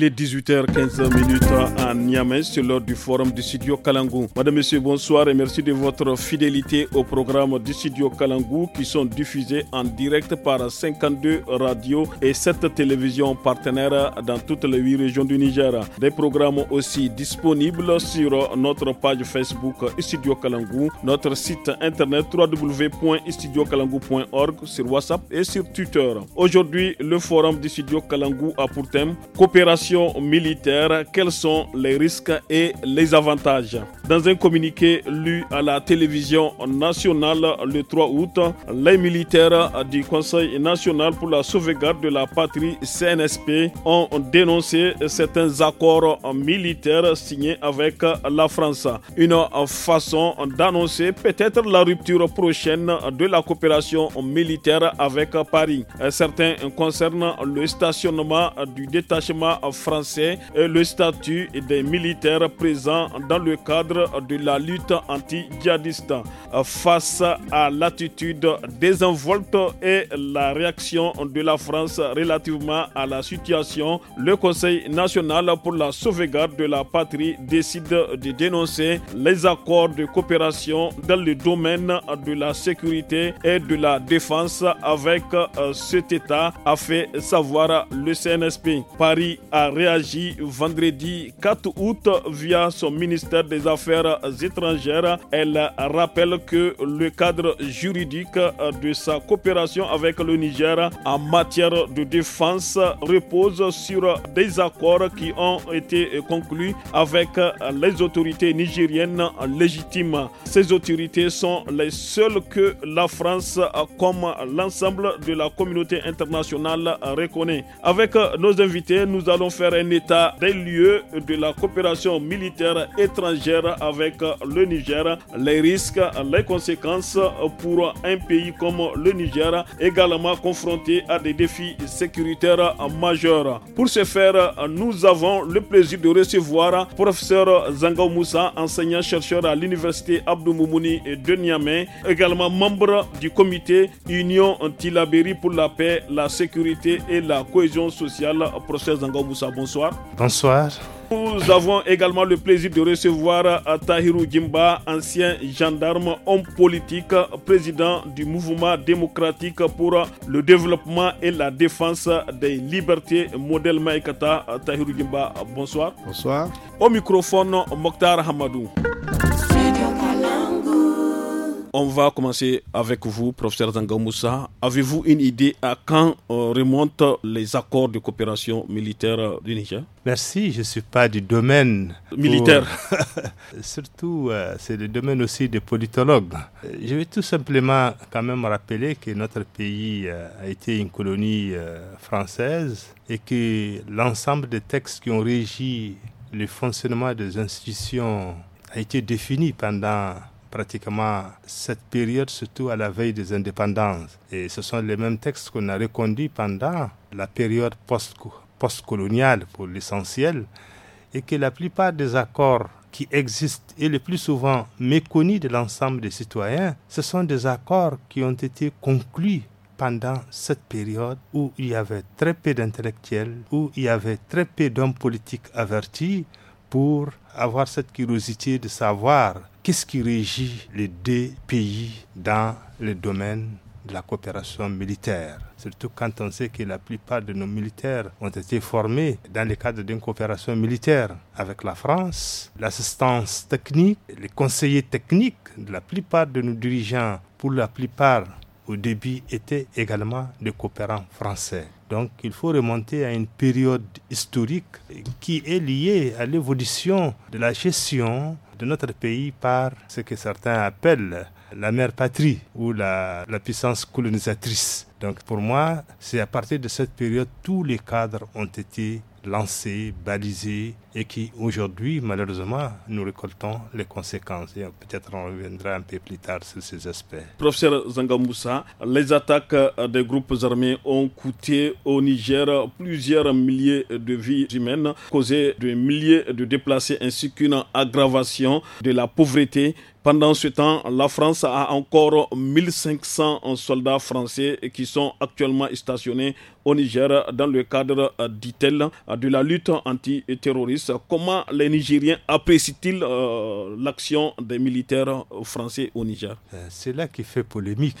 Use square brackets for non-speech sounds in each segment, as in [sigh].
Il est 18h15 à Niamey sur l'heure du forum du studio Kalangou. Madame, Monsieur, bonsoir et merci de votre fidélité au programme du studio Kalangou qui sont diffusés en direct par 52 radios et 7 télévisions partenaires dans toutes les 8 régions du Niger. Des programmes aussi disponibles sur notre page Facebook Studio Kalangou, notre site internet www.studiokalangou.org, sur WhatsApp et sur Twitter. Aujourd'hui, le forum du studio Kalangou a pour thème coopération militaire, quels sont les risques et les avantages Dans un communiqué lu à la télévision nationale le 3 août, les militaires du Conseil national pour la sauvegarde de la patrie CNSP ont dénoncé certains accords militaires signés avec la France. Une façon d'annoncer peut-être la rupture prochaine de la coopération militaire avec Paris. Certains concernent le stationnement du détachement français et le statut des militaires présents dans le cadre de la lutte anti-djihadiste. Face à l'attitude désinvolte et la réaction de la France relativement à la situation, le Conseil national pour la sauvegarde de la patrie décide de dénoncer les accords de coopération dans le domaine de la sécurité et de la défense avec euh, cet État, a fait savoir le CNSP. Paris a Réagit vendredi 4 août via son ministère des Affaires étrangères. Elle rappelle que le cadre juridique de sa coopération avec le Niger en matière de défense repose sur des accords qui ont été conclus avec les autorités nigériennes légitimes. Ces autorités sont les seules que la France, comme l'ensemble de la communauté internationale, reconnaît. Avec nos invités, nous allons faire un état des lieux de la coopération militaire étrangère avec le Niger, les risques, les conséquences pour un pays comme le Niger, également confronté à des défis sécuritaires majeurs. Pour ce faire, nous avons le plaisir de recevoir professeur Zangao Moussa, enseignant-chercheur à l'université Abdou Moumouni de Niamey, également membre du comité Union Tilaberi pour la paix, la sécurité et la cohésion sociale. Professeur Zangao Moussa bonsoir. Bonsoir. Nous avons également le plaisir de recevoir euh, Tahiru Gimba, ancien gendarme, homme politique, président du mouvement démocratique pour euh, le développement et la défense des libertés, modèle Maïkata. Euh, Tahirou Gimba, bonsoir. Bonsoir. Au microphone, Mokhtar Hamadou. On va commencer avec vous, professeur Zangamoussa. Avez-vous une idée à quand euh, remontent les accords de coopération militaire euh, du Niger Merci, je ne suis pas du domaine militaire. [laughs] Surtout, euh, c'est le domaine aussi des politologues. Je vais tout simplement quand même rappeler que notre pays a été une colonie française et que l'ensemble des textes qui ont régi le fonctionnement des institutions a été défini pendant pratiquement cette période, surtout à la veille des indépendances. Et ce sont les mêmes textes qu'on a reconduits pendant la période post-coloniale pour l'essentiel, et que la plupart des accords qui existent et le plus souvent méconnus de l'ensemble des citoyens, ce sont des accords qui ont été conclus pendant cette période où il y avait très peu d'intellectuels, où il y avait très peu d'hommes politiques avertis pour avoir cette curiosité de savoir qu'est-ce qui régit les deux pays dans le domaine de la coopération militaire. Surtout quand on sait que la plupart de nos militaires ont été formés dans le cadre d'une coopération militaire avec la France. L'assistance technique, les conseillers techniques de la plupart de nos dirigeants, pour la plupart au début, étaient également des coopérants français. Donc il faut remonter à une période historique qui est liée à l'évolution de la gestion de notre pays par ce que certains appellent la mère patrie ou la, la puissance colonisatrice. Donc pour moi, c'est à partir de cette période tous les cadres ont été lancés, balisés, et qui aujourd'hui, malheureusement, nous récoltons les conséquences. Et peut-être on reviendra un peu plus tard sur ces aspects. Professeur Zangamoussa, les attaques euh, des groupes armés ont coûté au Niger plusieurs milliers de vies humaines, causé des milliers de déplacés ainsi qu'une aggravation de la pauvreté pendant ce temps, la France a encore 1500 soldats français qui sont actuellement stationnés au Niger dans le cadre, euh, dit-elle, de la lutte antiterroriste comment les Nigériens apprécient-ils euh, l'action des militaires français au Niger euh, C'est là qui fait polémique.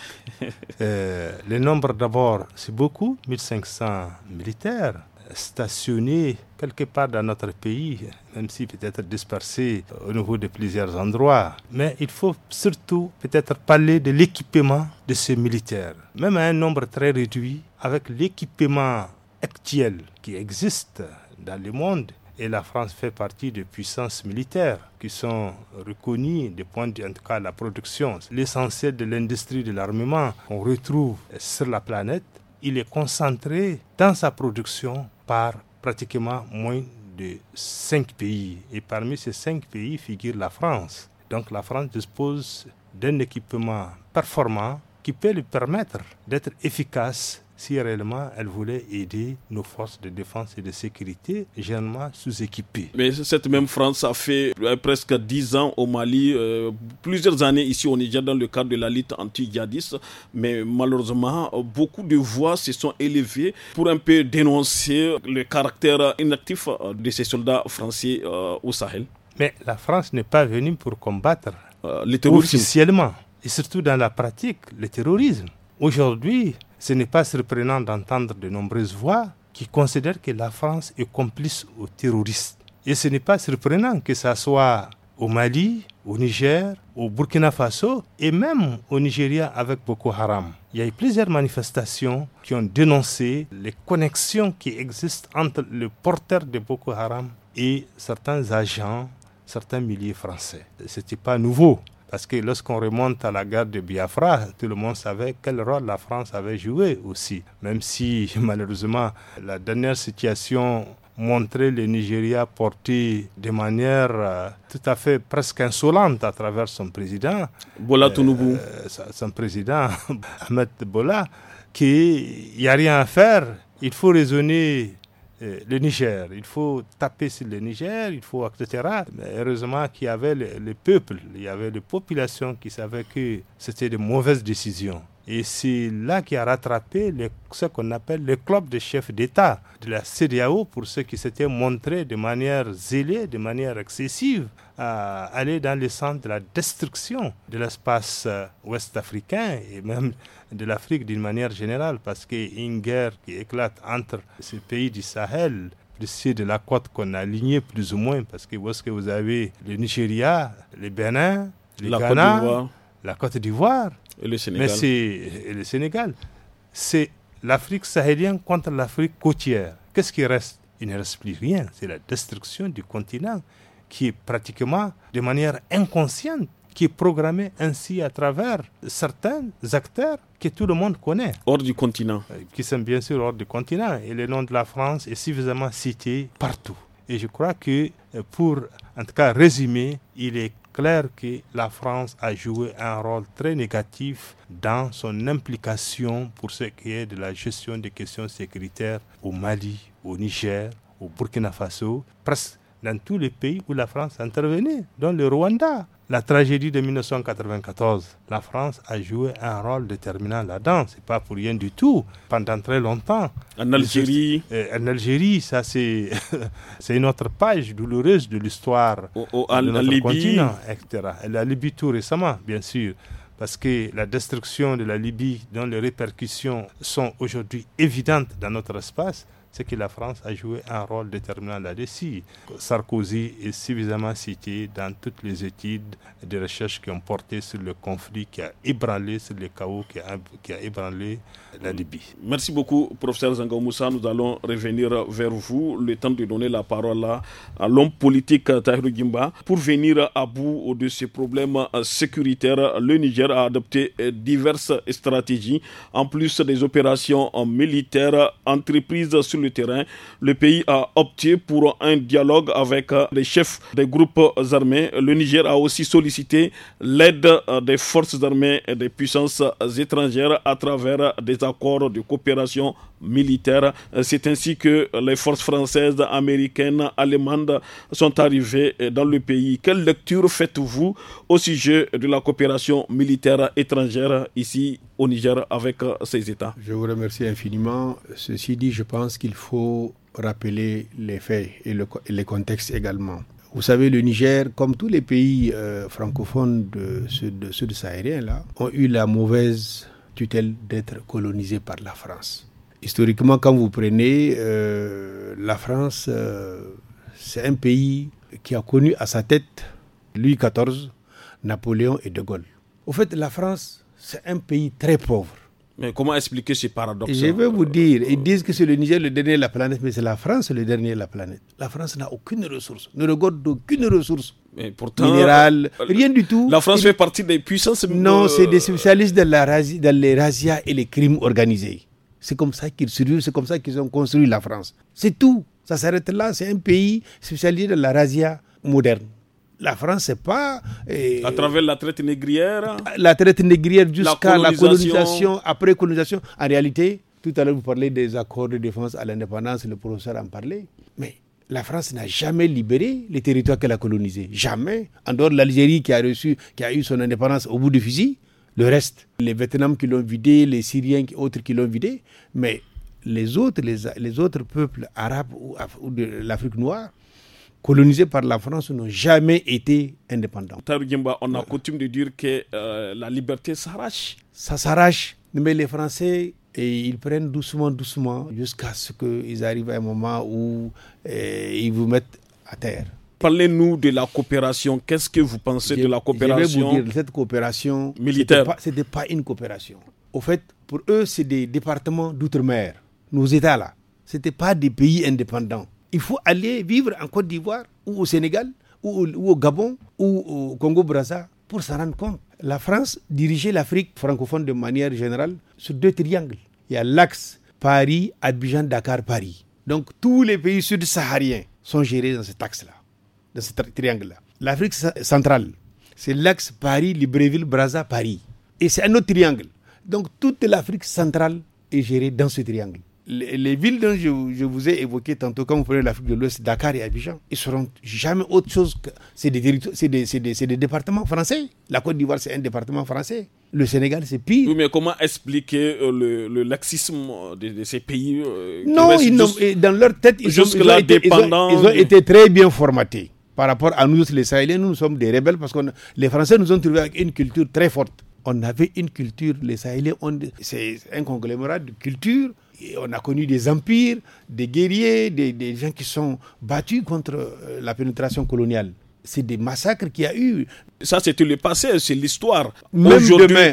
Euh, le nombre d'abord, c'est beaucoup, 1500 militaires stationnés quelque part dans notre pays, même si peut-être dispersés au niveau de plusieurs endroits. Mais il faut surtout peut-être parler de l'équipement de ces militaires, même un nombre très réduit, avec l'équipement actuel qui existe dans le monde, et la France fait partie des puissances militaires qui sont reconnues des point de, en tout cas, la production. L'essentiel de l'industrie de l'armement qu'on retrouve sur la planète, il est concentré dans sa production par pratiquement moins de cinq pays. Et parmi ces cinq pays figure la France. Donc la France dispose d'un équipement performant qui peut lui permettre d'être efficace si réellement elle voulait aider nos forces de défense et de sécurité, généralement sous-équipées. Mais cette même France a fait euh, presque 10 ans au Mali, euh, plusieurs années ici au Niger dans le cadre de la lutte anti-djihadiste, mais malheureusement, beaucoup de voix se sont élevées pour un peu dénoncer le caractère inactif euh, de ces soldats français au Sahel. Mais la France n'est pas venue pour combattre officiellement, et surtout dans la pratique, le terrorisme. Aujourd'hui, ce n'est pas surprenant d'entendre de nombreuses voix qui considèrent que la France est complice aux terroristes. Et ce n'est pas surprenant que ça soit au Mali, au Niger, au Burkina Faso et même au Nigeria avec Boko Haram. Il y a eu plusieurs manifestations qui ont dénoncé les connexions qui existent entre le porteur de Boko Haram et certains agents, certains milliers français. Ce n'était pas nouveau. Parce que lorsqu'on remonte à la guerre de Biafra, tout le monde savait quel rôle la France avait joué aussi. Même si, [laughs] malheureusement, la dernière situation montrait le Nigeria porté de manière euh, tout à fait presque insolente à travers son président. Bola euh, euh son président, [laughs] Ahmed Bola, qu'il n'y a rien à faire. Il faut raisonner euh, le Niger, il faut taper sur le Niger, il faut, etc. Mais heureusement qu'il y avait le, peuple, il y avait les populations qui savaient que c'était de mauvaises décisions. Et c'est là qui a rattrapé ce qu'on appelle le club de chefs d'État de la CDAO pour ceux qui s'étaient montrés de manière zélée, de manière excessive, à aller dans le sens de la destruction de l'espace euh, ouest-africain et même de l'Afrique d'une manière générale, parce qu'il y a une guerre qui éclate entre ces pays du Sahel de la côte qu'on a aligné plus ou moins, parce que vous, que vous avez le Nigeria, le Bénin, le la Ghana, la Côte d'Ivoire, le Sénégal. Mais c'est le Sénégal. C'est l'Afrique sahélienne contre l'Afrique côtière. Qu'est-ce qui reste Il ne reste plus rien. C'est la destruction du continent qui est pratiquement de manière inconsciente qui est programmée ainsi à travers certains acteurs que tout le monde connaît. Hors du continent. Euh, qui sont bien sûr hors du continent. Et le nom de la France est suffisamment cité partout. Et je crois que euh, pour, en tout cas, résumer, il est clair que la France a joué un rôle très négatif dans son implication pour ce qui est de la gestion des questions sécuritaires au Mali, au Niger, au Burkina Faso, presque dans tous les pays où la France intervenait, dont le Rwanda. La tragédie de 1994, la France a joué un rôle déterminant là-dedans. C'est pas pour rien du tout. Pendant très longtemps. En Algérie. Euh, en Algérie, ça c'est [laughs] c'est une autre page douloureuse de l'histoire au, de notre Libye. continent, etc. Et la Libye tout récemment, bien sûr parce que la destruction de la Libye, dont les répercussions sont aujourd'hui évidentes dans notre espace, c'est que la France a joué un rôle déterminant là-dessus. Sarkozy est suffisamment cité dans toutes les études de recherche qui ont porté sur le conflit qui a ébranlé, sur le chaos qui a, ébranlé la débit. Merci beaucoup, professeur Moussa, Nous allons revenir vers vous. Le temps de donner la parole à l'homme politique Tahirou Gimba. Pour venir à bout de ces problèmes sécuritaires, le Niger a adopté diverses stratégies, en plus des opérations militaires entreprises sur le terrain, le pays a opté pour un dialogue avec euh, les chefs des groupes armés. Le Niger a aussi sollicité l'aide euh, des forces armées et des puissances étrangères à travers des accords de coopération militaire. Euh, c'est ainsi que les forces françaises, américaines, allemandes sont arrivées dans le pays. Quelle lecture faites-vous au sujet de la coopération militaire étrangère ici au Niger avec ces États Je vous remercie infiniment. Ceci dit, je pense qu'il il faut rappeler les faits et, les contextes également. Vous savez, le Niger, comme tous les pays euh, francophones de sud, sahariens saharien là, ont eu la mauvaise tutelle d'être colonisés par la France. Historiquement, quand vous prenez euh, la France, euh, c'est un pays qui a connu à sa tête Louis XIV, Napoléon et De Gaulle. Au fait, la France, c'est un pays très pauvre. Mais comment expliquer ce paradoxe Je vais vous dire, ils disent que c'est le Niger le dernier de la planète, mais c'est la France le dernier de la planète. La France n'a aucune ressource, ne regarde aucune ressource. minérale, euh, rien du tout. La France fait partie des puissances. Non, euh, c'est des spécialistes dans, la razi... dans les razzias et les crimes organisés. C'est comme ça qu'ils survivent, c'est comme ça qu'ils ont construit la France. C'est tout. Ça s'arrête là, c'est un pays spécialisé dans la razzia moderne la France, c'est pas. Euh, à travers la traite négrière. La traite négrière jusqu'à la, colonisation, après colonisation. En réalité, tout à l'heure, vous parlez des accords de défense à l'indépendance, le professeur en parlait. Mais la France n'a jamais libéré les territoires qu'elle a colonisés. Jamais. En dehors de l'Algérie qui a reçu, qui a eu son indépendance au bout du fusil. Le reste, les Vietnamiens qui l'ont vidé, les Syriens qui, autres qui l'ont vidé. Mais les autres, les, autres peuples arabes ou de l'Afrique noire, colonisés par la France n'ont jamais été indépendants. on a coutume de dire que euh, la liberté s'arrache. Ça s'arrache, mais les Français et eh, ils prennent doucement, doucement, jusqu'à ce qu'ils arrivent à un moment où eh, ils vous mettent à terre. Parlez-nous de la coopération. Qu'est-ce que vous pensez de la coopération cette coopération militaire, ce n'était pas, pas, une coopération. Au fait, pour eux, c'est des départements d'outre-mer, nos États-là. Ce n'étaient pas des pays indépendants il faut aller vivre en Côte d'Ivoire ou au Sénégal ou, au, Gabon ou au congo brazza pour s'en rendre compte. La France dirigeait l'Afrique francophone de manière générale sur deux triangles. Il y a l'axe Paris, Abidjan, Dakar, Paris. Donc tous les pays sud-sahariens sont gérés dans cet axe-là, dans ce triangle-là. L'Afrique centrale, c'est l'axe Paris, Libreville, Brazza, Paris. Et c'est un autre triangle. Donc toute l'Afrique centrale est gérée dans ce triangle les, villes dont je, vous ai évoqué tantôt, quand vous prenez l'Afrique de l'Ouest, Dakar et Abidjan, ils seront jamais autre chose que. C'est des, des, départements français. La Côte d'Ivoire, c'est un département français. Le Sénégal, c'est pire. mais comment expliquer euh, le, laxisme de, ces pays euh, Non, dans leur tête, ils, ont été, très bien formatés par rapport à nous, les Sahéliens, nous, nous sommes des rebelles parce que les Français nous ont trouvés avec une culture très forte. On avait une culture, les Sahéliens, c'est un conglomérat de culture on a connu des empires, des guerriers, des, gens qui sont battus contre euh, la pénétration coloniale. C'est des massacres qu'il y a eu. Ça, c'était le passé, c'est l'histoire. Même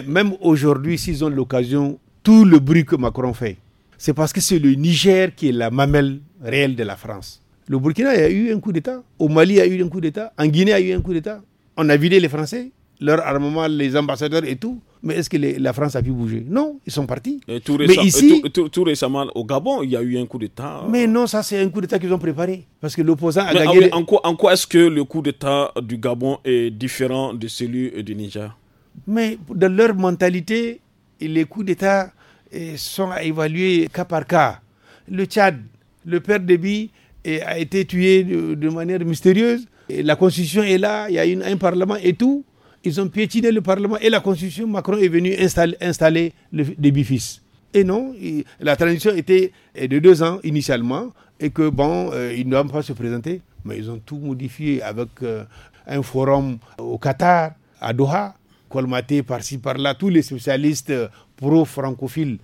même aujourd'hui, s'ils ont l'occasion, tout le bruit que Macron fait, c'est parce que c'est le Niger qui est la mamelle réelle de la France. Le Burkina a eu un coup d'État, au Mali a eu un coup d'État, en Guinée a eu un coup d'État. On a vidé les Français, leur armement, les ambassadeurs et tout. Mais est-ce que la France a pu bouger Non, ils sont partis. tout, mais ici, tout, récemment, au Gabon, il y a eu un coup d'État. Mais non, ça c'est un coup d'État qu'ils ont préparé. Parce que l'opposant a gagné. Ah en quoi, est-ce que le coup d'État du Gabon est différent de celui du Niger Mais dans leur mentalité, les coups d'État eh, sont à évaluer cas par cas. Le Tchad, le père Déby eh, a été tué de, manière mystérieuse. Et la constitution est là, il y a un parlement et tout. Ils ont piétiné le Parlement et la Constitution. Macron est venu installer, installer le, débit fils. Et non, la transition était euh, de deux ans initialement et que, bon, euh, ils ne doivent pas se présenter. Mais ils ont tout modifié avec euh, un forum au Qatar, à Doha, colmaté par-ci, par-là. Tous les socialistes pro-francophiles,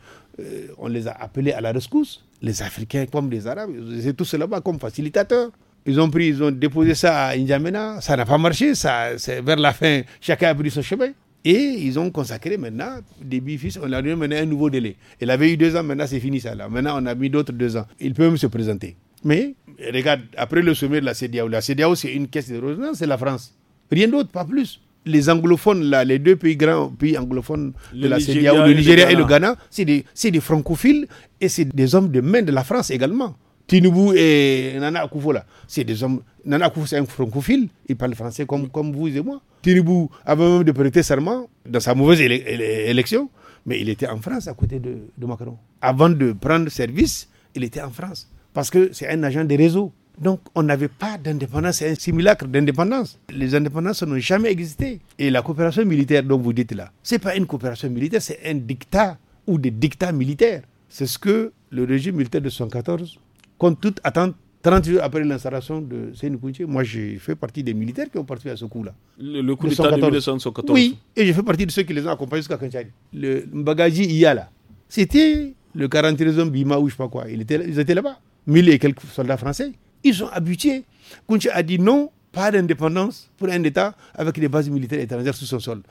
on les a appelés à la rescousse. Les Africains comme les Arabes, c'est tous là-bas comme facilitateurs. Ils ont pris, ils ont déposé ça à N'Djamena. Ça n'a pas marché. Ça, vers la fin, chacun a pris son chemin. Et ils ont consacré maintenant des bifis. On leur a donné un nouveau délai. Il avait eu deux ans, maintenant c'est fini ça là. Maintenant on a mis d'autres deux ans. Ils peuvent se présenter. Mais regarde, après le sommet de la CDAO, la CDAO c'est une caisse de résonance, c'est la France. Rien d'autre, pas plus. Les anglophones, là, les deux pays grands pays anglophones de la le Nigeria et le Ghana, c'est des francophiles et c'est des hommes de main de la France également. Tinubu et Nana Akufo c'est des hommes. Nana Akufo c'est un francophile, il parle français comme, vous et moi. Tinubu avait même de prêter serment dans sa mauvaise élection, mais il était en France à côté de, Macron. Avant de prendre service, il était en France parce que c'est un agent des réseaux. Donc on n'avait pas d'indépendance, c'est un simulacre d'indépendance. Les indépendances n'ont jamais existé. Et la coopération militaire dont vous dites là, c'est pas une coopération militaire, c'est un dictat ou des dictats militaires. C'est ce que le régime militaire de 1914 quand toute attente, 30 jours après l'installation de Seyni moi j'ai fait partie des militaires qui ont participé à ce coup-là. Le, coup d'État de 1914 Oui, et j'ai fait partie de ceux qui les ont accompagnés jusqu'à Kanchari. Le Mbagaji là, c'était le 43 e Bima ou je sais pas quoi. Ils étaient, là-bas, mille et quelques soldats français. Ils sont habitués. Kunche a dit non, pas d'indépendance pour un État avec des bases militaires étrangères sur son sol.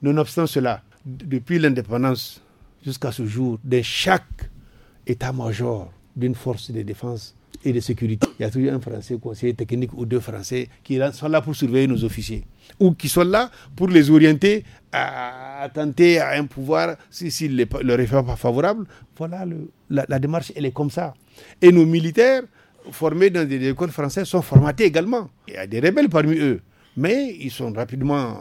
Nonobstant cela, depuis l'indépendance jusqu'à ce jour, de chaque État-major d'une force de défense et de sécurité. Il y a toujours un Français conseiller technique ou deux Français qui sont là pour surveiller nos officiers ou qui sont là pour les orienter à, tenter à un pouvoir si, le référent leur pas favorable. Voilà, la, démarche, elle est comme ça. Et nos militaires formés dans des écoles françaises sont formatés également. Il y a des rebelles parmi eux, mais ils sont rapidement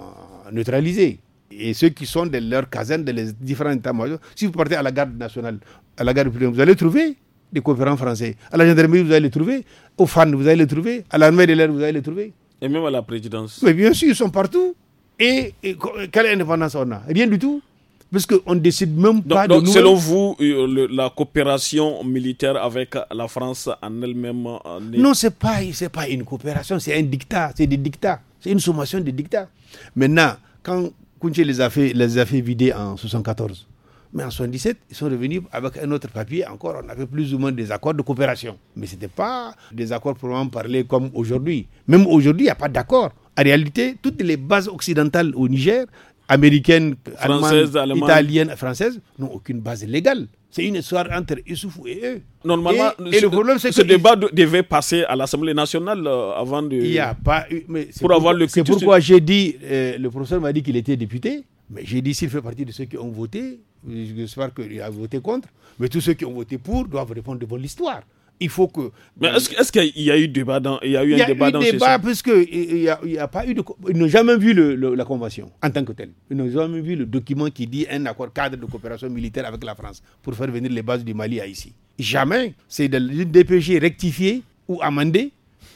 neutralisés. Et ceux qui sont de leurs casernes, de les différents états si vous partez à la garde nationale, à la garde vous allez trouver des coopérants français. À la gendarmerie, vous allez les trouver. Au FAN, vous allez les trouver. À l'armée de l'air, vous allez les trouver. Et même à la présidence. Mais bien sûr, ils sont partout. Et, quelle indépendance on a Rien eh du tout. Parce qu'on ne décide même pas de nous. Selon vous, euh, la coopération militaire avec la France en elle-même. Euh, non, ce n'est pas, pas une coopération, c'est un dictat, c'est des dictats. C'est une sommation de dictats. Maintenant, quand Kounche les a fait, les a fait vider en 1974, mais en 77, ils sont revenus avec un autre papier. Encore, on avait plus ou moins des accords de coopération. Mais ce n'était pas des accords proprement parler comme aujourd'hui. Même aujourd'hui, il n'y a pas d'accord. En réalité, toutes les bases occidentales au Niger, américaines, allemandes, italiennes, françaises, n'ont aucune base légale. C'est une histoire entre Issoufou et eux. Normalement, le problème, c'est ce débat devait passer à l'Assemblée nationale euh, avant de. Il n'y a pas Mais pour, avoir le. C'est pourquoi j'ai dit. Euh, le professeur m'a dit qu'il était député. Mais j'ai dit s'il fait partie de ceux qui ont voté, j'espère qu'il a voté contre, mais tous ceux qui ont voté pour doivent répondre devant l'histoire. Il faut que. Mais est-ce qu'il y a eu débat dans. Il y a eu un a eu parce n'y a, pas eu de. Ils n'ont jamais vu la convention en tant que telle. Ils n'ont jamais vu le document qui dit un accord cadre de coopération militaire avec la France pour faire venir les bases du Mali à ici. Jamais. C'est une DPG rectifiée ou amendée,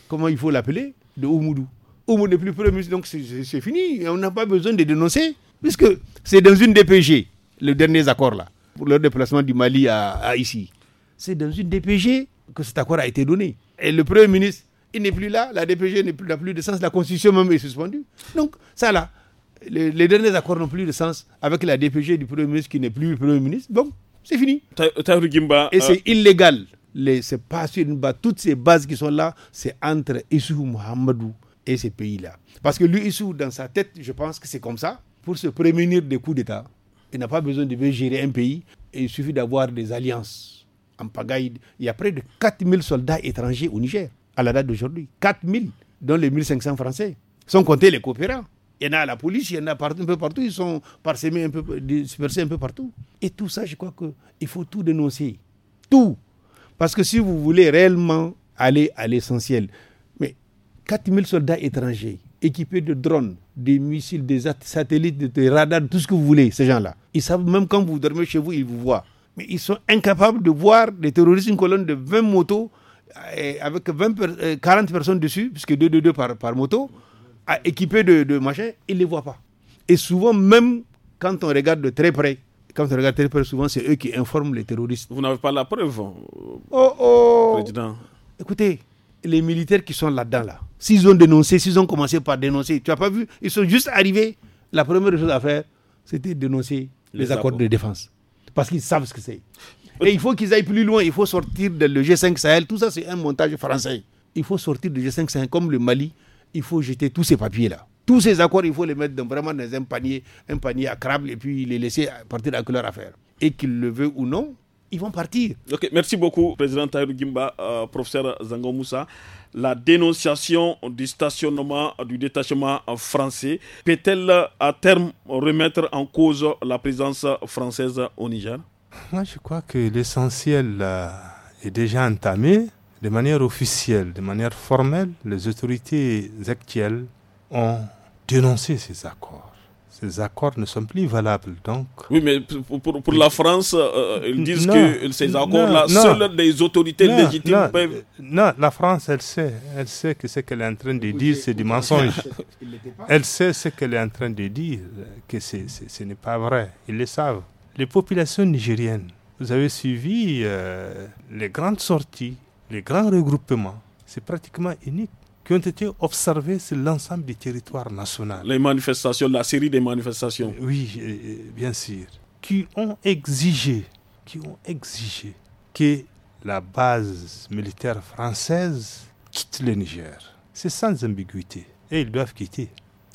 comment il faut l'appeler, de Oumoudou. Oumoudou n'est plus premier donc c'est fini. On n'a pas besoin de dénoncer puisque c'est dans une DPG les derniers accords là, pour le déplacement du Mali à, ici. C'est dans une DPG que cet accord a été donné. Et le Premier ministre, il n'est plus là, la DPG n'a plus, plus de sens, la Constitution même est suspendue. Donc ça là, les, derniers accords n'ont plus de sens avec la DPG du Premier ministre qui n'est plus le Premier ministre. Donc c'est fini. Et euh, c'est illégal. C'est pas sur une base. Toutes ces bases qui sont là, c'est entre Issou Mohamedou et ces pays-là. Parce que lui, Issou, dans sa tête, je pense que c'est comme ça, pour se prémunir des coups d'État. Il n'a pas besoin de gérer un pays. il suffit d'avoir des alliances. En pagaille, il y a près de 4000 soldats étrangers au Niger, à la date d'aujourd'hui. 4000, dont les 1500 Français, sans compter les coopérants. Il y en a à la police, il y en a partout, un peu partout, ils sont parsemés un peu, dispersés un peu partout. Et tout ça, je crois qu'il faut tout dénoncer. Tout. Parce que si vous voulez réellement aller à l'essentiel, mais 4000 soldats étrangers, équipés de drones, des missiles, des satellites, des radars, tout ce que vous voulez, ces gens-là. Ils savent même quand vous dormez chez vous, ils vous voient. Mais ils sont incapables de voir des terroristes, une colonne de 20 motos euh, avec 20, 40 euh, personnes dessus, puisque 2 2 2 par, moto, équipés de, de machins, ils ne les voient pas. Et souvent, même quand on regarde de très près, quand on regarde très près, souvent, c'est eux qui informent les terroristes. Vous n'avez pas la preuve, oh, oh. président Écoutez, les militaires qui sont là-dedans, là, S'ils ont dénoncé, s'ils ont commencé par dénoncer, tu n'as pas vu, ils sont juste arrivés. La première chose à faire, c'était dénoncer les, accords de défense. Parce qu'ils savent ce que c'est. Et il faut qu'ils aillent plus loin. Il faut sortir de le G5 Sahel. Tout ça, c'est un montage français. Il faut sortir du G5 Sahel comme le Mali. Il faut jeter tous ces papiers-là. Tous ces accords, il faut les mettre vraiment dans un panier, un panier à crabe et puis les laisser partir avec leur affaire. Et qu'ils le veulent ou non, ils vont partir. Ok, merci beaucoup, président Tahir Gimba, euh, professeur Zango Moussa la dénonciation du stationnement du détachement français peut-elle à terme remettre en cause la présence française au Niger Moi, je crois que l'essentiel euh, est déjà entamé. De manière officielle, de manière formelle, les autorités actuelles ont dénoncé ces accords ces accords ne sont plus valables. Donc... Oui, mais pour, la France, euh, euh, ils disent que ces accords-là, seules les autorités légitimes non, peuvent... Non, la France, elle sait, elle sait que ce qu'elle est en train de dire, c'est du mensonge. Elle sait ce qu'elle est en train de dire, que ce n'est pas vrai. Ils le savent. Les populations nigériennes, vous avez suivi euh, les grandes sorties, les grands regroupements. C'est pratiquement unique qui ont été observés sur l'ensemble du territoire national. Les manifestations, la série des manifestations. Oui, bien sûr. Qui ont exigé, qui ont exigé que la base militaire française quitte le Niger. C'est sans ambiguïté. Et ils doivent quitter.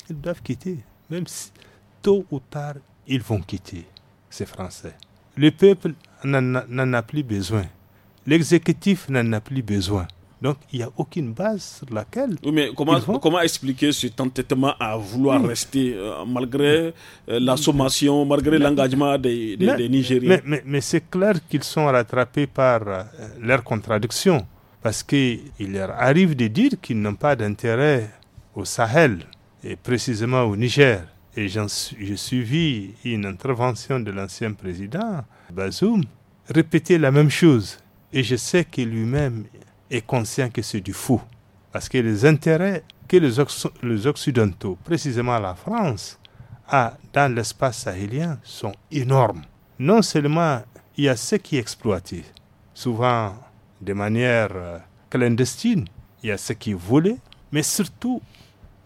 Ils doivent quitter. Même si tôt ou tard, ils vont quitter ces Français. Le peuple n'en a plus besoin. L'exécutif n'en a plus besoin. Donc, il n'y a aucune base sur laquelle. Oui, mais comment, comment expliquer ce entêtement à vouloir rester euh, malgré euh, la sommation, malgré l'engagement des, Nigériens Mais, mais, c'est clair qu'ils sont rattrapés par euh, leur contradiction parce qu'il leur arrive de dire qu'ils n'ont pas d'intérêt au Sahel, et précisément au Niger. Et j'ai suivi une intervention de l'ancien président, Bazoum, répéter la même chose. Et je sais qu'il lui-même est conscient que c'est du fou Parce que les intérêts que les, les Occidentaux, précisément la France, a dans l'espace sahélien sont énormes. Non seulement il y a ceux qui exploitent souvent de manière euh, clandestine, il y a ceux qui volent, mais surtout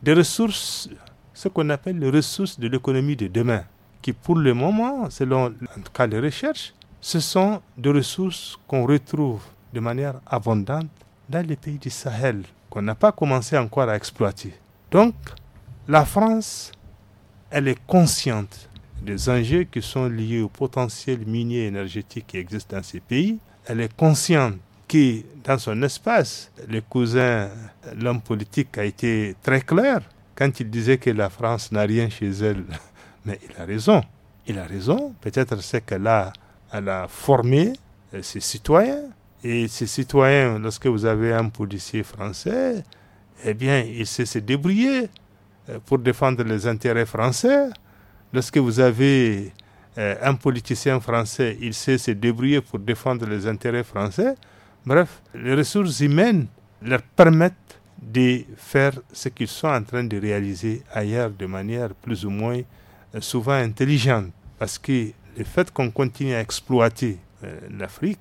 des ressources, ce qu'on appelle les ressources de l'économie de demain, qui pour le moment, selon cas les recherches, ce sont des ressources qu'on retrouve de manière abondante dans les pays du Sahel qu'on n'a pas commencé encore à exploiter. Donc, la France, elle est consciente des enjeux qui sont liés au potentiel minier énergétique qui existe dans ces pays. Elle est consciente que dans son espace, le cousin, l'homme politique a été très clair quand il disait que la France n'a rien chez elle. [laughs] Mais il a raison. Il a raison. Peut-être c'est qu'elle a, elle a formé euh, ses citoyens et ces citoyens, lorsque vous avez un policier français, eh bien, il sait se débrouiller euh, pour défendre les intérêts français. Lorsque vous avez euh, un politicien français, il sait se débrouiller pour défendre les intérêts français. Bref, les ressources humaines leur permettent de faire ce qu'ils sont en train de réaliser ailleurs de manière plus ou moins euh, souvent intelligente. Parce que le fait qu'on continue à exploiter l'Afrique,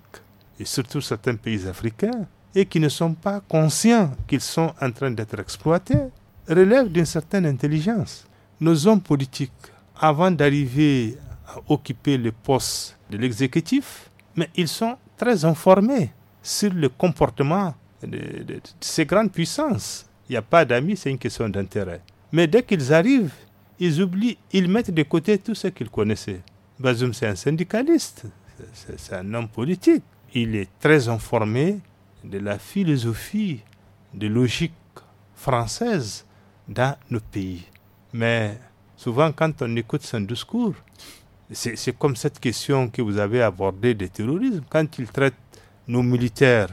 et surtout certains pays africains, et qui ne sont pas conscients qu'ils sont en train d'être exploités, relèvent d'une certaine intelligence. Nos hommes politiques, avant d'arriver à occuper le poste de l'exécutif, mais ils sont très informés sur le comportement de, de ces grandes puissances. Il n'y a pas d'amis, c'est une question d'intérêt. Mais dès qu'ils arrivent, ils oublient, ils mettent de côté tout ce qu'ils connaissaient. Bazoum, c'est un syndicaliste, c'est un homme politique il est très informé de la philosophie, de logique française dans nos pays. Mais souvent, quand on écoute son discours, c'est comme cette question que vous avez abordée des terrorisme. Quand il traite nos militaires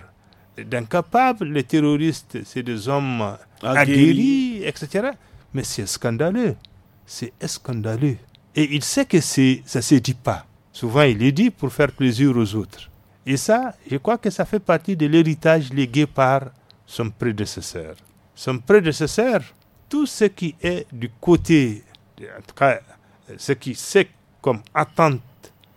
d'incapables, les terroristes, c'est des hommes aguerris, etc. Mais c'est scandaleux. C'est scandaleux. Et il sait que ça ne se dit pas. Souvent, il est dit pour faire plaisir aux autres. Et ça, je crois que ça fait partie de l'héritage légué par son prédécesseur. Son prédécesseur, tout ce qui est du côté, en tout cas, ce qui c'est comme attente,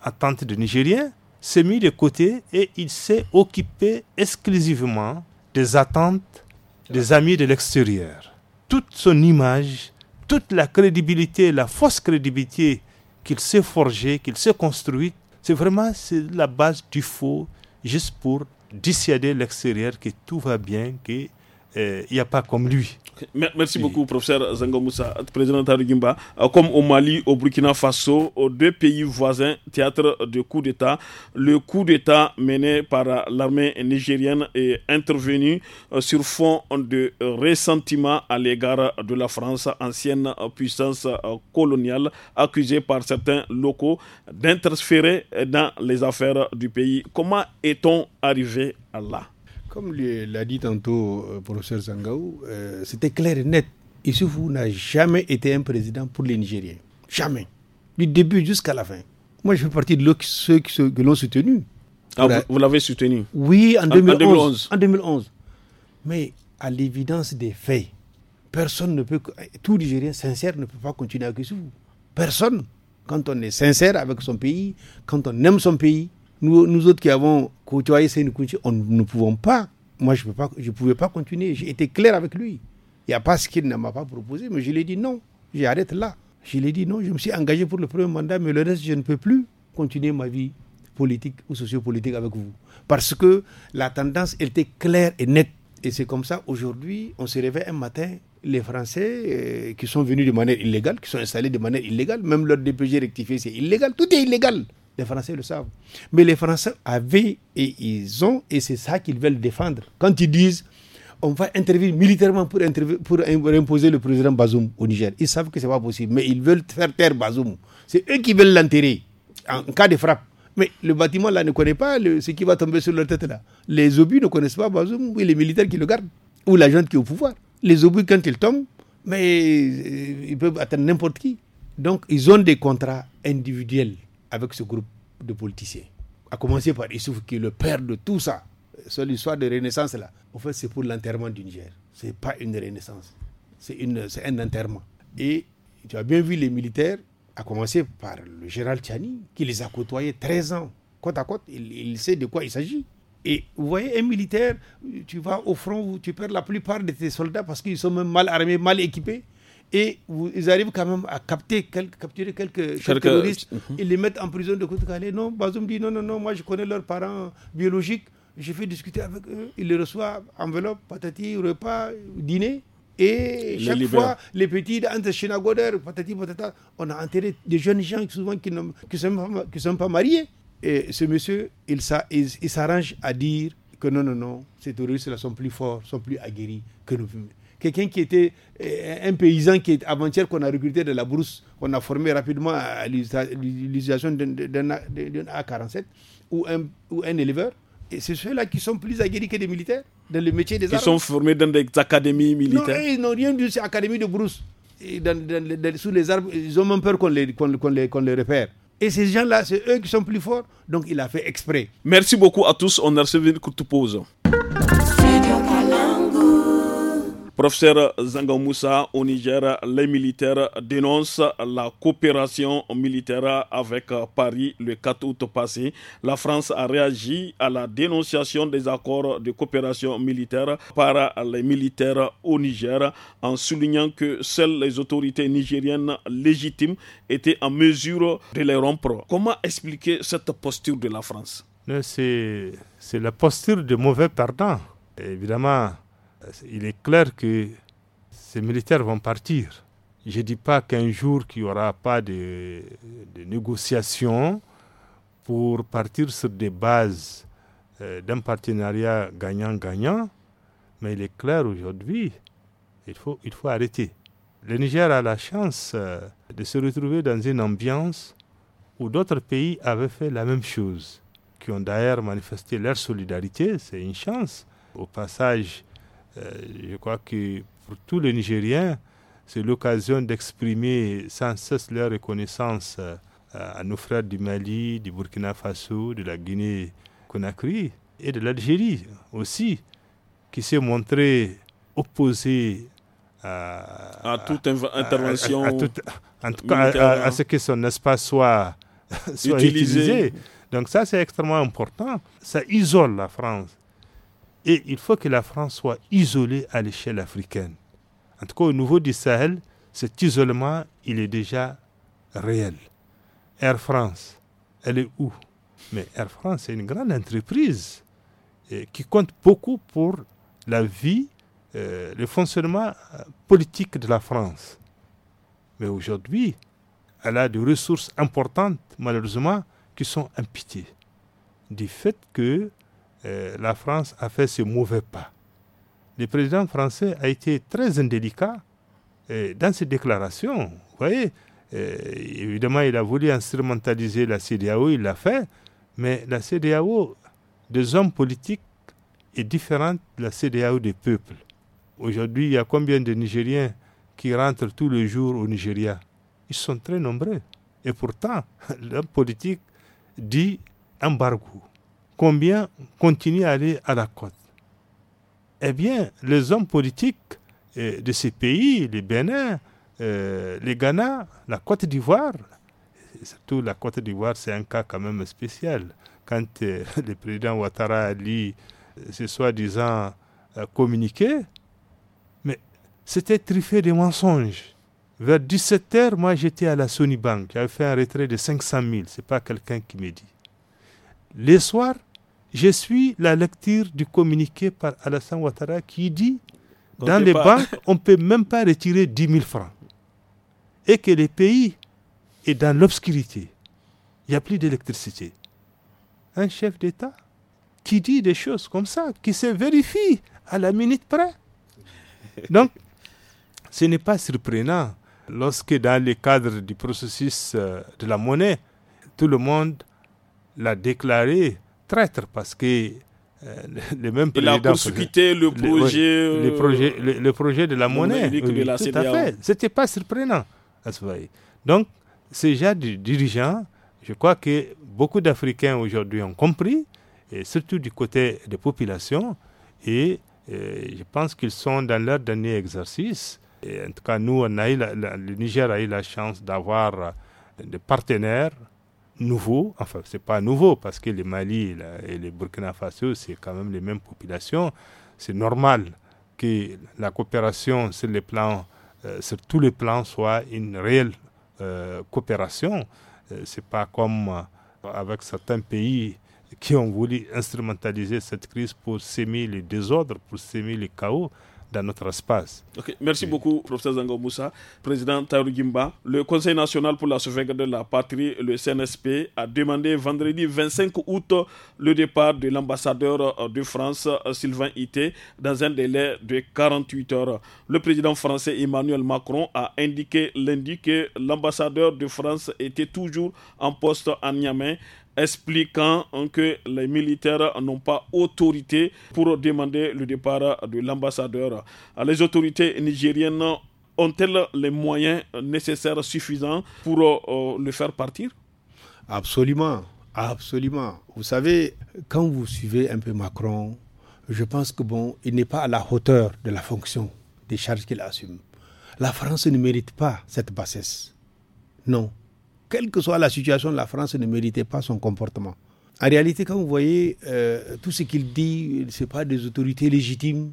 attente de Nigérien, s'est mis de côté et il s'est occupé exclusivement des attentes des amis de l'extérieur. Toute son image, toute la crédibilité, la fausse crédibilité qu'il s'est forgée, qu'il s'est construite, c'est vraiment la base du faux, juste pour dissuader l'extérieur que tout va bien, que il eh, n'y a pas comme lui. Merci beaucoup, professeur Zango président Tarigimba, euh, Comme au Mali, au Burkina Faso, aux deux pays voisins, théâtre de coup d'État, le coup d'État mené par l'armée nigérienne est intervenu euh, sur fond de ressentiment à l'égard de la France, ancienne puissance euh, coloniale, accusée par certains locaux d'interférer dans les affaires du pays. Comment est-on arrivé là? Comme l'a dit tantôt le euh, professeur Zangaou, euh, c'était clair et net. Issoufou n'a jamais été un président pour les Nigériens. Jamais. Du début jusqu'à la fin. Moi, je fais partie de ceux que l'ont soutenu. Ah, Vous l'avez soutenu Oui, en, 2011, en 2011. Mais à l'évidence des faits, personne ne peut. Tout Nigérien sincère ne peut pas continuer avec Issoufou. Personne. Quand on est sincère avec son pays, quand on aime son pays, nous, nous autres qui avons côtoyé Sainte-Counchie, on ne pouvons pas. Moi, je ne pouvais pas continuer. J'ai été clair avec lui. Il n'y a pas ce qu'il ne m'a pas proposé, mais je lui ai dit non, j'arrête là. Je lui ai dit non, je me suis engagé pour le premier mandat, mais le reste, je ne peux plus continuer ma vie politique ou sociopolitique avec vous. Parce que la tendance était claire et nette. Et c'est comme ça, aujourd'hui, on se réveille un matin, les Français euh, qui sont venus de manière illégale, qui sont installés de manière illégale, même leur DPG rectifié, c'est illégal, tout est illégal. Les Français le savent. Mais les Français avaient et ils ont, et c'est ça qu'ils veulent défendre. Quand ils disent on va intervenir militairement pour, imposer le président Bazoum au Niger, ils savent que ce n'est pas possible, mais ils veulent faire taire Bazoum. C'est eux qui veulent l'enterrer en cas de frappe. Mais le bâtiment là ne connaît pas ce qui va tomber sur leur tête là. Les obus ne connaissent pas Bazoum, ou les militaires qui le gardent, ou la gente qui est au pouvoir. Les obus, quand ils tombent, mais euh, ils peuvent atteindre n'importe qui. Donc, ils ont des contrats individuels avec ce groupe de politiciens. a commencer par Issouf, qui est le père de tout ça. C'est l'histoire de renaissance là. En fait, c'est pour l'enterrement d'une guerre. Ce n'est pas une renaissance. C'est un enterrement. Et tu as bien vu les militaires, à commencer par le général Tchani, qui les a côtoyés 13 ans, côte à côte. il, sait de quoi il s'agit. Et vous voyez, un militaire, tu vas au front, tu perds la plupart de tes soldats parce qu'ils sont même mal armés, mal équipés et ils arrivent quand même à capter quelques, capturer quelques, terroristes. Mhm. Ils les mettent en prison de côte Non, Bazoum dit non, non, non, moi je connais leurs parents biologiques. Je fais discuter avec eux. Ils les reçoivent, enveloppe, patati, repas, dîner. Et chaque fois, les petits, entre patati, patata, on a enterré des jeunes gens souvent qui ne qui sont, pas, mariés. Et ce monsieur, il, il s'arrange à dire que non, non, non, ces terroristes-là sont plus forts, sont plus aguerris que nous quelqu'un qui était euh, un paysan qui est avant-hier qu'on a recruté de la Brousse. qu'on a formé rapidement à l'utilisation d'un A47, ou un, éleveur. Et c'est ceux-là qui sont plus aguerris que des militaires dans le métier des armes. Qui sont formés dans des académies militaires. Non, ils n'ont rien de ces académies de brousse. sous les arbres, ils ont même peur qu'on les, les repère. Et ces gens-là, c'est eux qui sont plus forts. Donc il a fait exprès. Merci beaucoup à tous. On a reçu une courte pause. Professeur Zangamoussa, au Niger, les militaires dénoncent la coopération militaire avec Paris le 4 août passé. La France a réagi à la dénonciation des accords de coopération militaire par les militaires au Niger en soulignant que seules les autorités nigériennes légitimes étaient en mesure de les rompre. Comment expliquer cette posture de la France C'est la posture de mauvais perdant. Évidemment, il est clair que ces militaires vont partir. Je ne dis pas qu'un jour qu'il n'y aura pas de, négociations pour partir sur des bases euh, d'un partenariat gagnant-gagnant, mais il est clair aujourd'hui, il faut, il faut arrêter. Le Niger a la chance euh, de se retrouver dans une ambiance où d'autres pays avaient fait la même chose, qui ont d'ailleurs manifesté leur solidarité, c'est une chance. Au passage, euh, je crois que pour tous les Nigériens, c'est l'occasion d'exprimer sans cesse leur reconnaissance euh, à nos frères du Mali, du Burkina Faso, de la Guinée-Conakry et de l'Algérie aussi, qui s'est montré opposé à, toute intervention, à, en tout à, ce que son espace soit, [laughs] soit utilisé. Donc ça, c'est extrêmement important. Ça isole la France et il faut que la France soit isolée à l'échelle africaine. En tout cas, au niveau du Sahel, cet isolement, il est déjà réel. Air France, elle est où Mais Air France, est une grande entreprise euh, qui compte beaucoup pour la vie, euh, le fonctionnement euh, politique de la France. Mais aujourd'hui, elle a des ressources importantes, malheureusement, qui sont impitées. Du fait que euh, la France a fait ce mauvais pas. Le président français a été très indélicat euh, dans ses déclarations. Vous voyez, euh, évidemment, il a voulu instrumentaliser la CDAO, il l'a fait, mais la CDAO des hommes politiques est différente de la CDAO des peuples. Aujourd'hui, il y a combien de Nigériens qui rentrent tous les jours au Nigeria Ils sont très nombreux. Et pourtant, [laughs] l'homme politique dit embargo combien continuent à aller à la côte Eh bien, les hommes politiques eh, de ces pays, les Bénin, eh, les Ghana, la Côte d'Ivoire, eh, surtout la Côte d'Ivoire, c'est un cas quand même spécial. Quand [laughs] le président Ouattara a ce soi-disant communiqué, mais c'était triffé de mensonges. Vers 17h, moi j'étais à la Sony Bank, j'avais fait un retrait de 500 000, c'est pas quelqu'un qui me dit. Les soirs, je suis la lecture du communiqué par Alassane Ouattara qui dit dans les banques, on ne peut même pas retirer 10 000 francs. Et que le pays est dans l'obscurité. Il n'y a plus d'électricité. Un chef d'État qui dit des choses comme ça, qui se vérifie à la minute près. [laughs] Donc, ce n'est pas surprenant lorsque dans le cadre du processus euh, de la monnaie, tout le monde l'a déclaré traître parce que euh, le même Il a poursuivi le euh, projet, le, le, projet le, projet de la monnaie. tout à fait. C'était pas surprenant Donc, ces gens de dirigeants, je crois que beaucoup d'Africains aujourd'hui ont compris, et surtout du côté des populations, et, euh, je pense qu'ils sont dans leur dernier exercice. Et en tout cas, nous, on a eu le Niger a eu la chance d'avoir des partenaires nouveau, enfin c'est pas nouveau parce que le Mali et le Burkina Faso c'est quand même les mêmes populations, c'est normal que la coopération sur les plans, euh, tous les plans soit une réelle euh, coopération. Euh, c'est pas comme avec certains pays qui ont voulu instrumentaliser cette crise pour s'aimer les désordres, pour s'aimer le chaos dans notre espace. Merci beaucoup, professeur Zango Moussa. Président Taïrou le Conseil national pour la sauvegarde de la patrie, le CNSP, a demandé vendredi 25 août le départ de l'ambassadeur euh, de France, euh, Sylvain Ité, dans un délai de 48 heures. Le président français Emmanuel Macron a indiqué lundi que l'ambassadeur de France était toujours en poste à Niamey expliquant que les militaires n'ont pas autorité pour demander le départ de l'ambassadeur. Les autorités nigériennes ont-elles les moyens nécessaires suffisants pour euh, le faire partir Absolument, absolument. Vous savez, quand vous suivez un peu Macron, je pense que bon, il n'est pas à la hauteur de la fonction, des charges qu'il assume. La France ne mérite pas cette bassesse. Non, quelle que soit la situation, la France ne méritait pas son comportement. En réalité, quand vous voyez euh, tout ce qu'il dit, ce pas des autorités légitimes,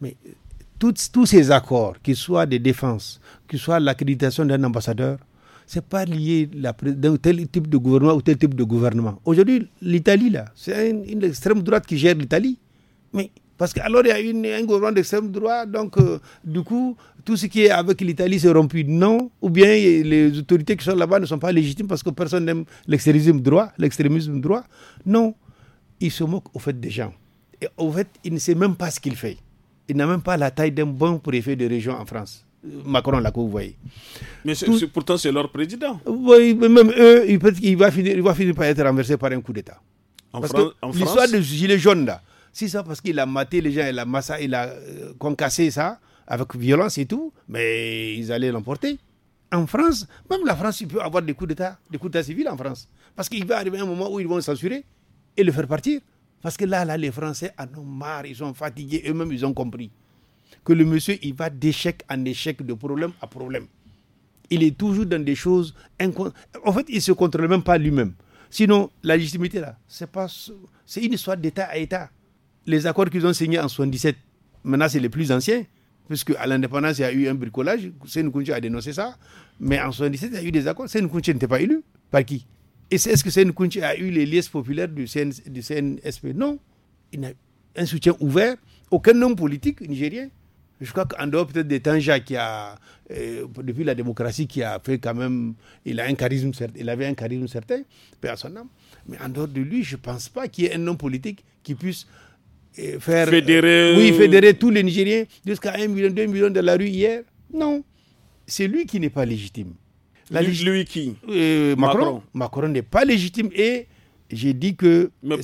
mais euh, tous ces accords, qu'ils soient des défenses, qu'ils soient l'accréditation d'un ambassadeur, ce n'est pas lié à tel type de gouvernement ou tel type de gouvernement. Aujourd'hui, l'Italie, là, c'est une, une extrême droite qui gère l'Italie. Mais parce qu'alors, il y a une, un gouvernement d'extrême droit, donc euh, du coup, tout ce qui est avec l'Italie s'est rompu. Non, ou bien les autorités qui sont là-bas ne sont pas légitimes parce que personne n'aime l'extrémisme droit, l'extrémisme droit. Non, Ils se moquent au fait des gens. Et au fait, ils ne savent même pas ce qu'ils fait. Ils n'ont même pas la taille d'un bon préfet de région en France. Euh, Macron, là, que vous voyez. Mais pourtant, c'est leur président. même eux, il, va finir, il finir par être renversé par un coup d'État. En France, l'histoire des gilets jaunes, là, si ça parce qu'il a maté les gens, il a, il a euh, concassé ça avec violence et tout, mais ils allaient l'emporter. En France, même la France, il peut avoir des coups d'État, des coups d'État civils en France. Parce qu'il va arriver un moment où ils vont censurer et le faire partir. Parce que là, là, les Français en ont marre, ils sont fatigués, eux-mêmes, ils ont compris que le monsieur, il va d'échec en échec, de problème à problème. Il est toujours dans des choses En fait, il ne se contrôle même pas lui-même. Sinon, la légitimité, là, c'est pas... une histoire d'État à État les accords qu'ils ont signés en 77, maintenant c'est les plus anciens, puisque à l'indépendance, il y a eu un bricolage. Sénoukounchi a dénoncé ça. Mais en 77, il y a eu des accords. Sénoukounchi n'était pas élu. Par qui Et est-ce que Sénoukounchi a eu les liesses populaires du, CNSP Non. Il a un soutien ouvert. Aucun homme politique nigérien. Je crois qu'en dehors peut-être des Tanja qui a, euh, depuis la démocratie, qui a fait quand même, il a un charisme certain, il avait un charisme certain, Mais en dehors de lui, je ne pense pas qu'il y ait un homme politique qui puisse euh, fédérer, tous les Nigériens jusqu'à 1 million, 2 millions de la rue hier. Non, c'est lui qui n'est pas légitime. La lui, qui euh, Macron. Macron, n'est pas légitime et j'ai dit que... Mais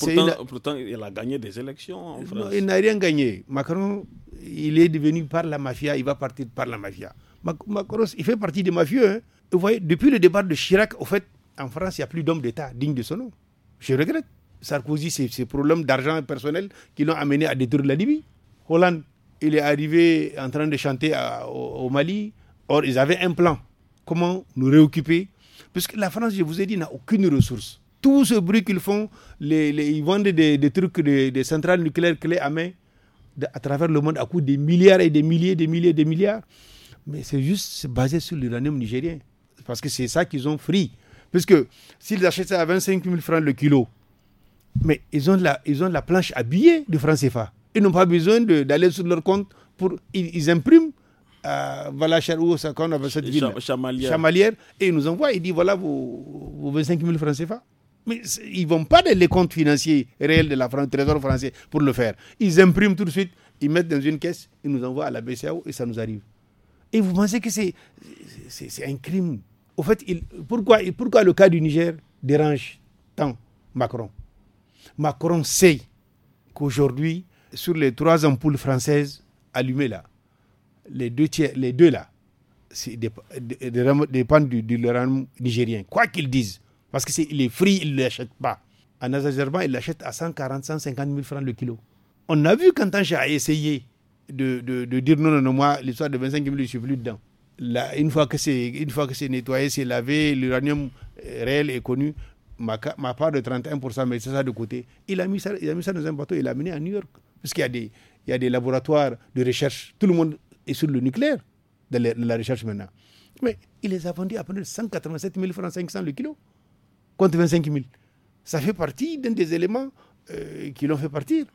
pourtant, il a gagné des élections en France. il n'a rien gagné. Macron, il est devenu par la mafia, il va partir par la mafia. Macron, il fait partie des mafieux. mafia. Hein. Vous voyez, depuis le départ de Chirac, au fait, en France, il n'y a plus d'homme d'État digne de son nom. Je regrette. Sarkozy, c'est ses problèmes d'argent personnel qui l'ont amené à détruire la Libye. Hollande, il est arrivé en train de chanter au, Mali. Or, ils avaient un plan. Comment nous réoccuper Parce que la France, je vous ai dit, n'a aucune ressource. Tout ce bruit qu'ils font, ils vendent des, trucs, des, centrales nucléaires clés à main à travers le monde à coût des milliards et des milliers, des milliers, de milliards. Mais c'est juste basé sur l'uranium nigérien. Parce que c'est ça qu'ils ont pris. Puisque s'ils achetaient à 25 000 francs le kilo, mais ils ont, la, ils ont la planche à billets de francs CFA. Ils n'ont pas besoin d'aller sur leur compte. pour Ils, impriment, euh, voilà, Charou, ça, qu'on cette ville. Chamalière. Et ils nous envoient, ils disent, voilà vos, 25 000 francs CFA. Mais ils ne vont pas dans les comptes financiers réels de la Trésor français pour le faire. Ils impriment tout de suite, ils mettent dans une caisse, ils nous envoient à la BCAO et ça nous arrive. Et vous pensez que c'est un crime Au fait, pourquoi, pourquoi le cas du Niger dérange tant Macron Macron sait qu'aujourd'hui, sur les trois ampoules françaises allumées là, les deux, tiers, les deux là, dépendent du, l'uranium nigérien, quoi qu'ils disent. Parce que c'est les est il ne l'achète pas. En Azerbaïdjan, il l'achète à 140, 150 000 francs le kilo. On a vu quand j'ai a essayé de, dire non, non, non, moi, l'histoire de 25 000, je ne suis plus dedans. une fois que c'est nettoyé, c'est lavé, l'uranium euh, réel est connu, ma, part de 31%, mais c'est ça de côté. Il a, mis ça, il a mis ça dans un bateau, il l'a amené à New York. Parce qu'il y, a des, il y a des laboratoires de recherche. Tout le monde est sur le nucléaire de la, recherche maintenant. Mais il les a vendus à peu près 187 000 francs 500 le kilo, contre 25 000. Ça fait partie d'un des éléments euh, qui l'ont fait partir.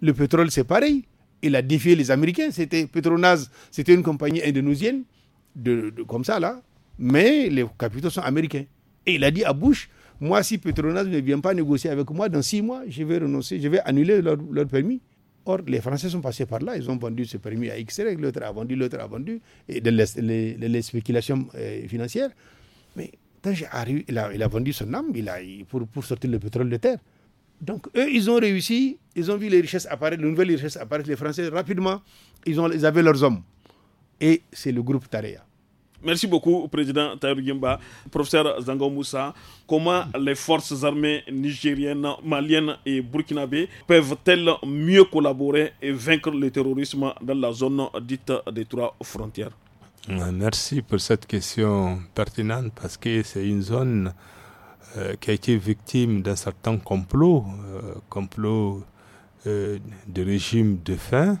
Le pétrole, c'est pareil. Il a défié les Américains. C'était Petronas, c'était une compagnie indonésienne, de, comme ça, là. Mais les capitaux sont américains. Et il a dit à Bush, moi, si Petronas ne vient pas négocier avec moi, dans six mois, je vais renoncer, je vais annuler leur, permis. Or, les Français sont passés par là, ils ont vendu ce permis à X l'autre a vendu, l'autre a vendu, et de les, spéculations euh, financières. Mais quand il, a, il a, vendu son âme il a, pour, pour sortir le pétrole de terre. Donc, eux, ils ont réussi, ils ont vu les richesses apparaître, les nouvelles richesses apparaître, les Français, rapidement, ils, ont, ils avaient leurs hommes. Et c'est le groupe Tarea. Merci beaucoup, Président Taïr Gimba. Professeur Zango Moussa, comment les forces armées nigériennes, maliennes et burkinabées peuvent-elles mieux collaborer et vaincre le terrorisme dans la zone dite des trois frontières euh, Merci pour cette question pertinente parce que c'est une zone euh, qui a été victime d'un certain complot, euh, complot de régime de faim.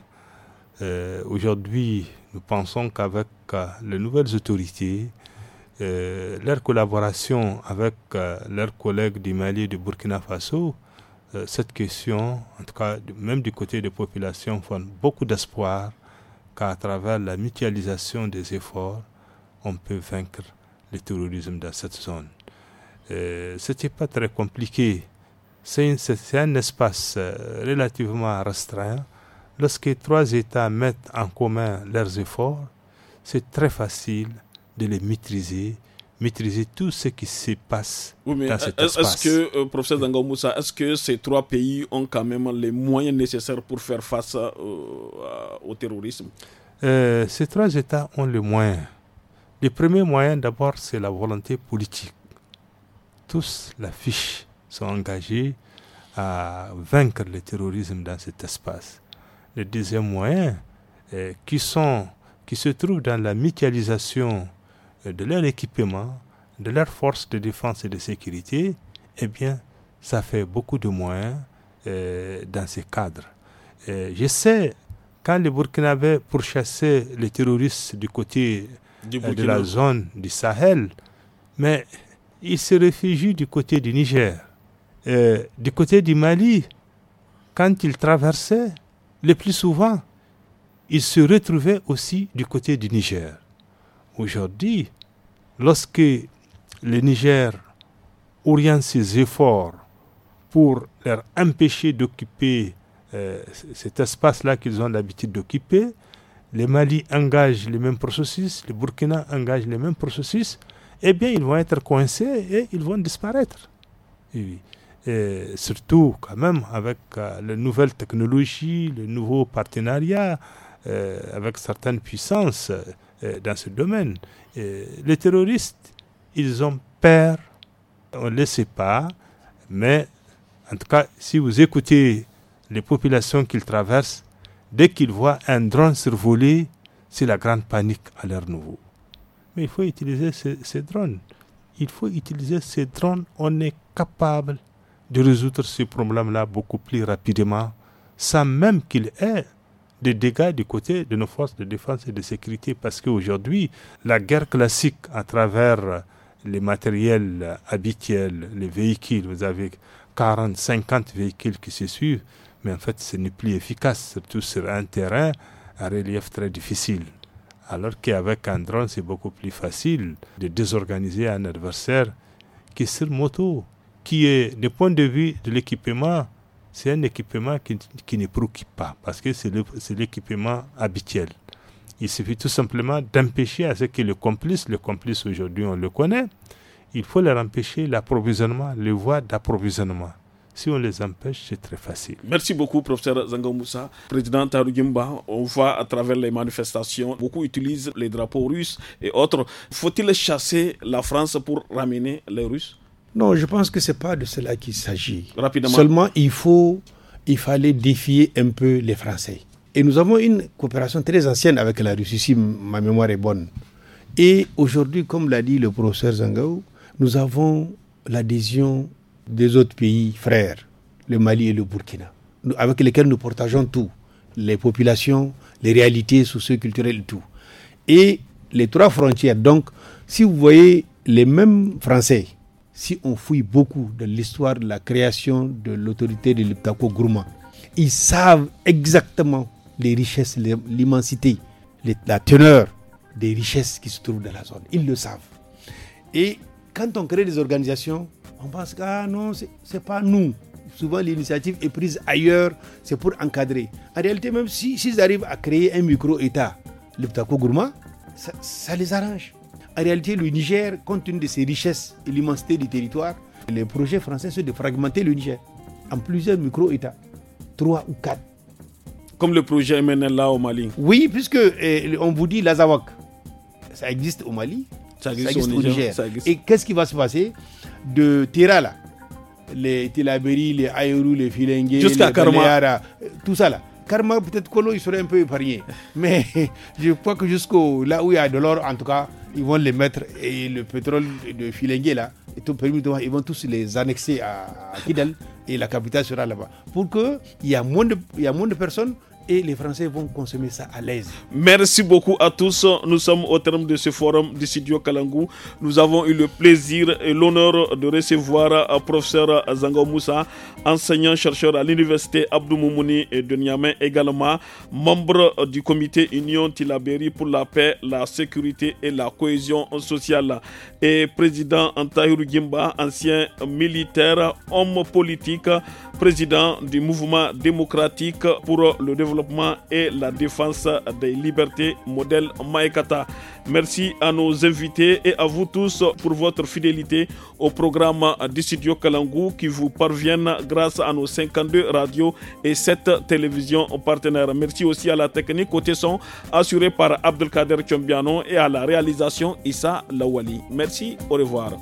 Aujourd'hui, nous pensons qu'avec euh, les nouvelles autorités, euh, leur collaboration avec euh, leurs collègues du Mali et du Burkina Faso, cette question, en tout cas même du côté des populations, font beaucoup d'espoir qu'à travers la mutualisation des efforts, on peut vaincre le terrorisme dans cette zone. Ce n'était pas très compliqué. C'est un espace relativement restreint Lorsque trois États mettent en commun leurs efforts, c'est très facile de les maîtriser, maîtriser tout ce qui se passe dans cet espace. Est-ce que, euh, est-ce que ces trois pays ont quand même les moyens nécessaires pour faire face euh, euh, au terrorisme Ces trois États ont les moyens. Le premier moyen, d'abord, c'est la volonté politique. Tous l'affichent, sont engagés à vaincre le terrorisme dans cet espace le deuxième moyen, euh, qui, sont, qui se trouvent dans la mutualisation euh, de leur équipement, de leur force de défense et de sécurité, eh bien, ça fait beaucoup de moyens euh, dans ces cadres. je sais, quand les Burkinabés pourchassaient les terroristes du côté de la zone du Sahel, mais ils se réfugient du côté du Niger, du côté du Mali, quand ils traversaient le plus souvent, ils se retrouvaient aussi du côté du Niger. Aujourd'hui, lorsque le Niger oriente ses efforts pour leur empêcher d'occuper euh, cet espace-là qu'ils ont l'habitude d'occuper, les Mali engagent les mêmes processus, les Burkina engagent les mêmes processus, eh bien, ils vont être coincés et ils vont disparaître surtout quand même avec euh, les nouvelles technologies, les nouveaux partenariats euh, avec certaines puissances euh, dans ce domaine. les terroristes, ils ont peur, on ne le sait pas, mais en tout cas, si vous écoutez les populations qu'ils traversent, dès qu'ils voient un drone survoler, c'est la grande panique à l'air nouveau. Mais il faut utiliser ces, ces drones. Il faut utiliser ces drones, on est capable de résoudre ce problème-là beaucoup plus rapidement, sans même qu'il ait des dégâts du côté de nos forces de défense et de sécurité, parce qu'aujourd'hui, la guerre classique à travers les matériels habituels, les véhicules, vous avez 40, 50 véhicules qui se suivent, mais en fait, ce n'est plus efficace, surtout sur un terrain à relief très difficile. Alors qu'avec un drone, c'est beaucoup plus facile de désorganiser un adversaire qui est sur moto, qui est, du point de vue de l'équipement, c'est un équipement qui, ne préoccupe pas, parce que c'est l'équipement habituel. Il suffit tout simplement d'empêcher à ce que le complice, le complice aujourd'hui on le connaît, il faut leur empêcher l'approvisionnement, les voies d'approvisionnement. Si on les empêche, c'est très facile. Merci beaucoup, professeur Zangamoussa. Président Tarugimba, on voit à travers les manifestations, beaucoup utilisent les drapeaux russes et autres. Faut-il chasser la France pour ramener les Russes non, je pense que ce n'est pas de cela qu'il s'agit. Seulement, il, faut, il fallait défier un peu les Français. Et nous avons une coopération très ancienne avec la Russie, si ma mémoire est bonne. Et aujourd'hui, comme l'a dit le professeur Zangaou, nous avons l'adhésion des autres pays frères, le Mali et le Burkina, avec lesquels nous partageons tout, les populations, les réalités socio-culturelles, tout. Et les trois frontières. Donc, si vous voyez les mêmes Français si on fouille beaucoup dans l'histoire de la création de l'autorité de l'Iptako gourmand ils savent exactement les richesses, l'immensité, la teneur des richesses qui se trouvent dans la zone. Ils le savent. Et quand on crée des organisations, on pense que ah non, c'est pas nous. Souvent, l'initiative est prise ailleurs, c'est pour encadrer. En réalité, même s'ils si, arrivent à créer un micro-État, l'Iptako gourmand ça les arrange. En réalité, le Niger, compte tenu de ses richesses et l'immensité du territoire, les projets français sont de fragmenter le Niger en plusieurs micro-États, trois ou quatre. Comme le projet MNLA au Mali. Oui, puisque eh, on vous dit l'Azawak, ça existe au Mali, ça existe, au Niger. Et qu'est-ce qui va se passer de là les Tilaberi, les Ayuru, les Filengue, les tout ça là. Karma, peut-être Kolo, il serait un peu épargné. Mais [laughs] je crois que jusqu'au là où il y a de l'or, en tout cas, ils vont les mettre et le pétrole de Filengue là, et tout ils vont tous les annexer à, Kidal et la capitale sera là-bas. Pour que y a moins de, y a moins de personnes et les Français vont consommer ça à l'aise. Merci beaucoup à tous. Nous sommes au terme de ce forum du studio Kalangou. Nous avons eu le plaisir et l'honneur de recevoir euh, professeur Zango Moussa, enseignant-chercheur à l'université Abdou Moumouni de Niamey également, membre du comité Union Tilaberi pour la paix, la sécurité et la cohésion sociale et président Antahiru Gimba, ancien militaire, homme politique, président du mouvement démocratique pour le développement et la défense des libertés, modèle Maekata. Merci à nos invités et à vous tous pour votre fidélité au programme Distudio Kalangu qui vous parvient grâce à nos 52 radios et 7 télévisions partenaires. Merci aussi à la technique côté son assurée par Abdelkader Tchombiano et à la réalisation Issa Lawali. Merci, au revoir.